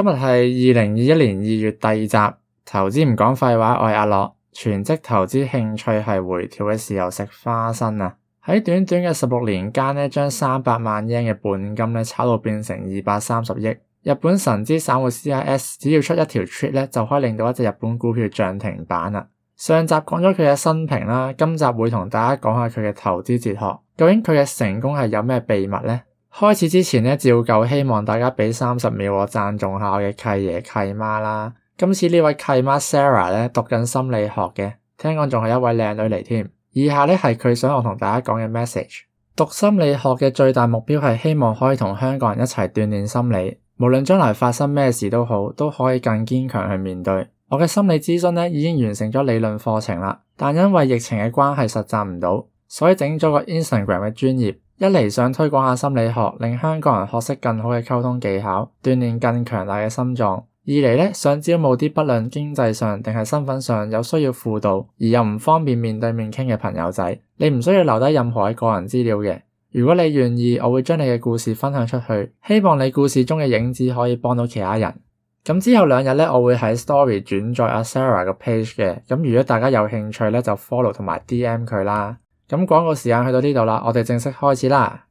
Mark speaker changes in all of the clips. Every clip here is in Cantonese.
Speaker 1: 今日係二零二一年二月第二集，投資唔講廢話，我係阿樂，全職投資興趣係回調嘅時候食花生啊！喺短短嘅十六年間呢，將三百萬日圓嘅本金呢炒到變成二百三十億。日本神之散戶 CIS 只要出一條 Tweet 呢，就可以令到一隻日本股票漲停板啦。上集講咗佢嘅生平啦，今集會同大家講下佢嘅投資哲學，究竟佢嘅成功係有咩秘密呢？開始之前呢，照舊希望大家俾三十秒我贊助下我嘅契爺契媽啦。今次呢位契媽 Sarah 呢，讀緊心理學嘅，聽講仲係一位靚女嚟添。以下呢係佢想我同大家講嘅 message。讀心理學嘅最大目標係希望可以同香港人一齊鍛鍊心理，無論將來發生咩事都好，都可以更堅強去面對。我嘅心理諮詢呢已經完成咗理論課程啦，但因為疫情嘅關係實習唔到，所以整咗個 Instagram 嘅專頁。一嚟想推廣下心理學，令香港人學識更好嘅溝通技巧，鍛鍊更強大嘅心臟。二嚟咧想招募啲不論經濟上定係身份上有需要輔導而又唔方便面對面傾嘅朋友仔。你唔需要留低任何嘅個人資料嘅。如果你願意，我會將你嘅故事分享出去，希望你故事中嘅影子可以幫到其他人。咁之後兩日咧，我會喺 story 轉載阿 Sarah 嘅 page 嘅。咁如果大家有興趣咧，就 follow 同埋 DM 佢啦。咁廣告時間去到呢度啦，我哋正式開始啦。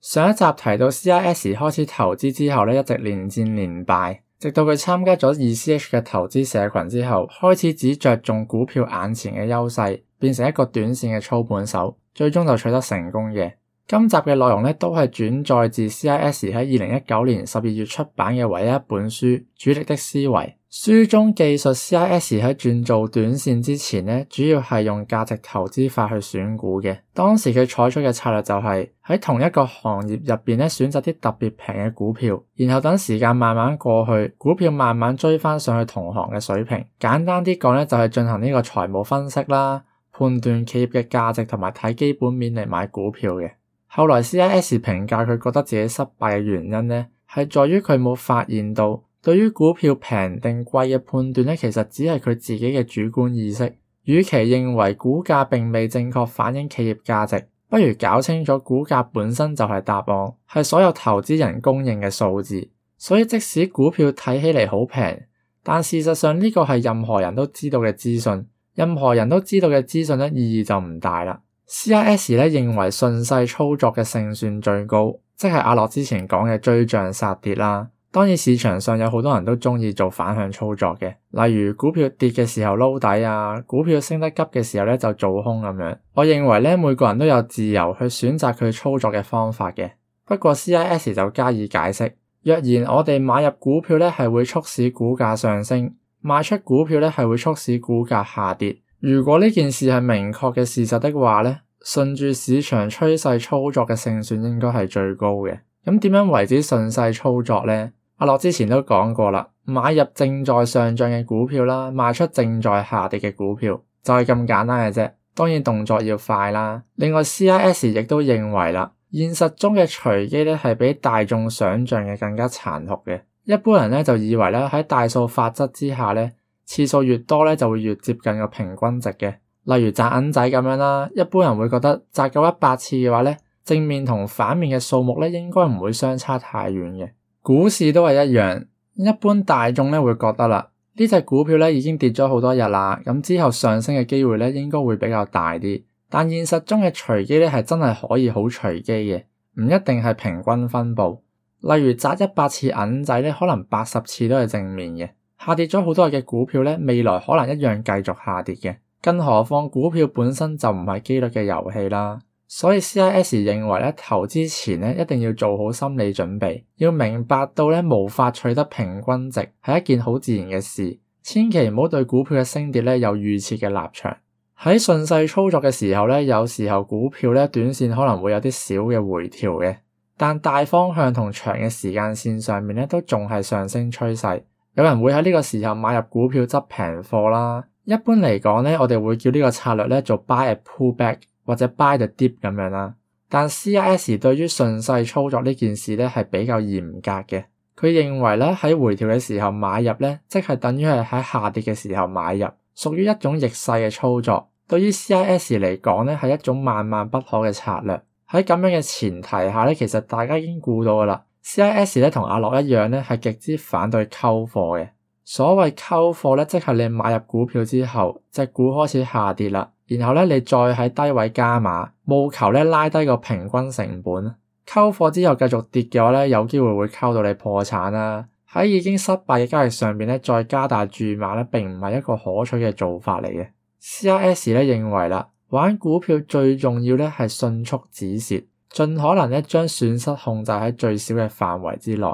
Speaker 1: 上一集提到 CIS 開始投資之後呢，一直連戰連敗，直到佢參加咗二 CH 嘅投資社群之後，開始只着重股票眼前嘅優勢，變成一個短線嘅操盤手，最終就取得成功嘅。今集嘅內容咧都係轉載自 CIS 喺二零一九年十二月出版嘅唯一一本書《主力的思維》。書中記述 CIS 喺轉做短線之前咧，主要係用價值投資法去選股嘅。當時佢採取嘅策略就係、是、喺同一個行業入邊咧，選擇啲特別平嘅股票，然後等時間慢慢過去，股票慢慢追翻上去同行嘅水平。簡單啲講呢就係、是、進行呢個財務分析啦，判斷企業嘅價值同埋睇基本面嚟買股票嘅。後來 CIS 評價佢覺得自己失敗嘅原因呢，係在於佢冇發現到，對於股票平定貴嘅判斷呢，其實只係佢自己嘅主觀意識。與其認為股價並未正確反映企業價值，不如搞清楚股價本身就係答案，係所有投資人公認嘅數字。所以即使股票睇起嚟好平，但事實上呢個係任何人都知道嘅資訊，任何人都知道嘅資訊呢，意義就唔大啦。CIS 咧認為順勢操作嘅勝算最高，即係阿樂之前講嘅追漲殺跌啦。當然市場上有好多人都鍾意做反向操作嘅，例如股票跌嘅時候撈底啊，股票升得急嘅時候咧就做空咁樣。我認為咧每個人都有自由去選擇佢操作嘅方法嘅。不過 CIS 就加以解釋，若然我哋買入股票咧係會促使股價上升，賣出股票咧係會促使股價下跌。如果呢件事係明確嘅事實的話呢，順住市場趨勢操作嘅勝算應該係最高嘅。咁點樣為之順勢操作呢？阿樂之前都講過啦，買入正在上漲嘅股票啦，賣出正在下跌嘅股票，就係咁簡單嘅啫。當然動作要快啦。另外 CIS 亦都認為啦，現實中嘅隨機咧係比大眾想像嘅更加殘酷嘅。一般人咧就以為咧喺大數法則之下咧。次數越多咧，就會越接近個平均值嘅。例如擲銀仔咁樣啦，一般人會覺得擲夠一百次嘅話咧，正面同反面嘅數目咧應該唔會相差太遠嘅。股市都係一樣，一般大眾咧會覺得啦，呢隻股票咧已經跌咗好多日啦，咁之後上升嘅機會咧應該會比較大啲。但現實中嘅隨機咧係真係可以好隨機嘅，唔一定係平均分佈。例如擲一百次銀仔咧，可能八十次都係正面嘅。下跌咗好多日嘅股票咧，未來可能一樣繼續下跌嘅。更何況股票本身就唔係機率嘅遊戲啦。所以 CIS 認為咧，投資前咧一定要做好心理準備，要明白到咧無法取得平均值係一件好自然嘅事。千祈唔好對股票嘅升跌咧有預設嘅立場。喺順勢操作嘅時候咧，有時候股票咧短線可能會有啲小嘅回調嘅，但大方向同長嘅時間線上面咧都仲係上升趨勢。有人會喺呢個時候買入股票執平貨啦。一般嚟講咧，我哋會叫呢個策略咧做 buy a pullback 或者 buy the dip 咁樣啦。但 CIS 對於順勢操作呢件事咧係比較嚴格嘅。佢認為咧喺回調嘅時候買入咧，即係等於係喺下跌嘅時候買入，屬於一種逆勢嘅操作。對於 CIS 嚟講咧，係一種萬萬不可嘅策略。喺咁樣嘅前提下咧，其實大家已經估到噶啦。CIS 咧同阿樂一樣咧，係極之反對溝貨嘅。所謂溝貨咧，即係你買入股票之後，隻股開始下跌啦，然後咧你再喺低位加碼，務求咧拉低個平均成本。溝貨之後繼續跌嘅話咧，有機會會溝到你破產啦。喺已經失敗嘅交易上面咧，再加大注碼咧，並唔係一個可取嘅做法嚟嘅。CIS 咧認為啦，玩股票最重要咧係迅速止蝕。盡可能咧將損失控制喺最小嘅範圍之內，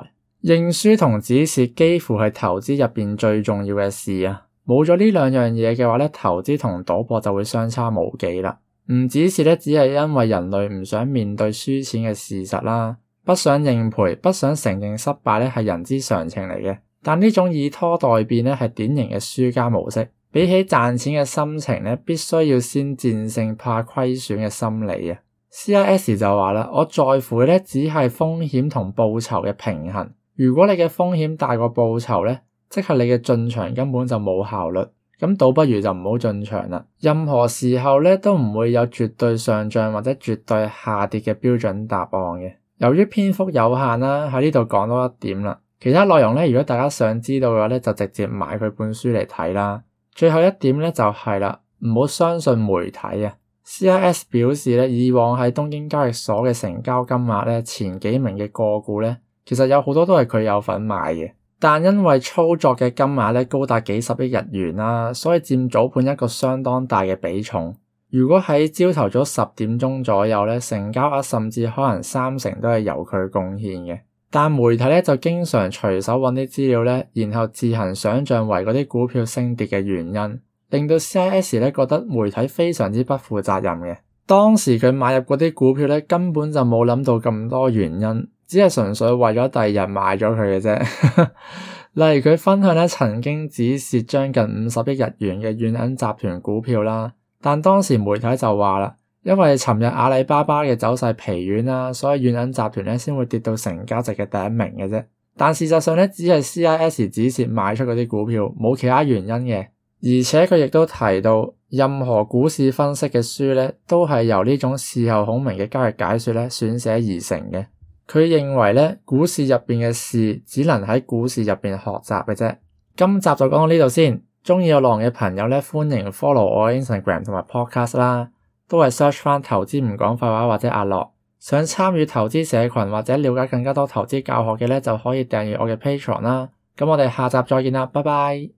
Speaker 1: 認輸同止蝕幾乎係投資入邊最重要嘅事啊！冇咗呢兩樣嘢嘅話咧，投資同賭博就會相差無幾啦。唔止蝕咧，只係因為人類唔想面對輸錢嘅事實啦，不想認賠，不想承認失敗咧，係人之常情嚟嘅。但呢種以拖待變咧，係典型嘅輸家模式。比起賺錢嘅心情咧，必須要先戰勝怕虧損嘅心理啊！CIS 就話啦，我在乎嘅咧，只係風險同報酬嘅平衡。如果你嘅風險大過報酬咧，即係你嘅進場根本就冇效率。咁倒不如就唔好進場啦。任何時候咧，都唔會有絕對上漲或者絕對下跌嘅標準答案嘅。由於篇幅有限啦，喺呢度講多一點啦。其他內容咧，如果大家想知道嘅話咧，就直接買佢本書嚟睇啦。最後一點咧，就係啦，唔好相信媒體啊。CIS 表示咧，以往喺東京交易所嘅成交金額咧，前幾名嘅個股咧，其實有好多都係佢有份買嘅。但因為操作嘅金額咧，高達幾十億日元啦，所以佔早盤一個相當大嘅比重。如果喺朝頭早十點鐘左右咧，成交額甚至可能三成都係由佢貢獻嘅。但媒體咧就經常隨手揾啲資料咧，然後自行想象，為嗰啲股票升跌嘅原因。令到 CIS 咧覺得媒體非常之不負責任嘅。當時佢買入嗰啲股票咧，根本就冇諗到咁多原因，只係純粹為咗第二日賣咗佢嘅啫。例如佢分享咧，曾經止蝕將近五十億日元嘅軟銀集團股票啦，但當時媒體就話啦，因為尋日阿里巴巴嘅走勢疲軟啦，所以軟銀集團咧先會跌到成交值嘅第一名嘅啫。但事實上咧，只係 CIS 止蝕賣出嗰啲股票，冇其他原因嘅。而且佢亦都提到，任何股市分析嘅書呢，都係由呢種事後孔明嘅交易解說呢選寫而成嘅。佢認為呢，股市入邊嘅事只能喺股市入邊學習嘅啫。今集就講到呢度先。中意阿浪嘅朋友呢，歡迎 follow 我嘅 Instagram 同埋 Podcast 啦，都係 search 翻投資唔講廢話或者阿浪。想參與投資社群或者了解更加多投資教學嘅呢，就可以訂閱我嘅 Patreon 啦。咁我哋下集再見啦，拜拜。